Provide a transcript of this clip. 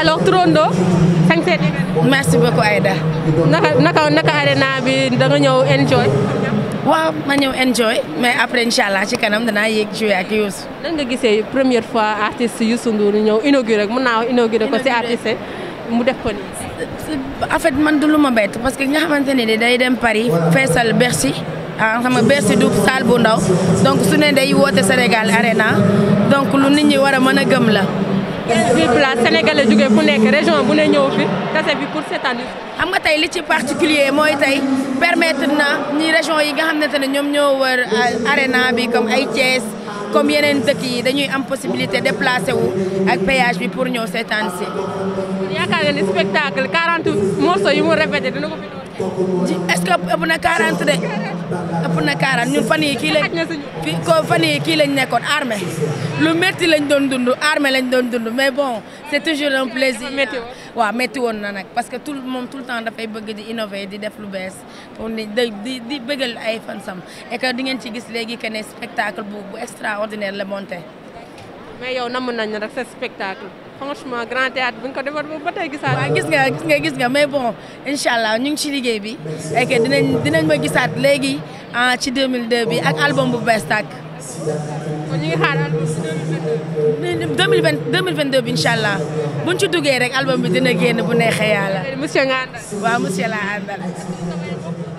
alors Turando sañse merci beaucoup Aïda. naka naka naka arena bi da nga ñëw enjoy. waaw ma ñëw enjoy mais après incha ci kanam danaa yéeg joué ak Youssou. nan nga gisee première fois artiste Youssou Ndour ñëw inauguré naa wax inauguré ko si artiste mu def ko man du lu ma bett parce que nga xamante ne day dem Paris feesal Bercy. ah xam du salle bu ndaw donc su ne day woote Sénégal Arena donc lu nit ñi war a mën a gëm la. quinze mille places sénégalais jóge fu nekk région bu ne ñëw fi tase bi pour cette année nga tey li ci particulier mooy tey permettre na ñi région yi nga xamante ne ñoom ñoo wër euh, arena bi comme ay Thiès comme yeneen dëkk yi dañuy am possibilité déplacé wu ak péage bi pour ñëw seetaan si. yaakaar nga ni spectacle 40 morceaux yu mu répété dina ko fi est-ce que ëpp na 40 de ëpp na 40 ñun fan yii kii lañ. kii fan yii kii nekkoon armée lu métti lañ doon dund armée lañ doon dund mais bon c'est toujours un plaisir. Ah, waaw métti woon na nag parce que tout moom tout le temps dafay bëgg di innover di def lu bees pour di di di bëggal ay fansam et que di ngeen ci gis léegi que ne spectacle bu bu extraordinaire la monté. mais yow namm nañ rek sa spectacle. franchement grand théâtre bu ñu ko defar ba tey gisaat. gis nga gis nga gis nga mais bon incha allah ñu ngi ci liggéey bi. et que dinañ dinañ ma gisaat léegi ah, ci 2002 bi ak album bu bees tàkk. kon ñu ngi xaar album bi 2022 2022 bi incha allah buñ ci duggee rek album bi dina génn bu neexee yàlla. monsieur nga àndal waaw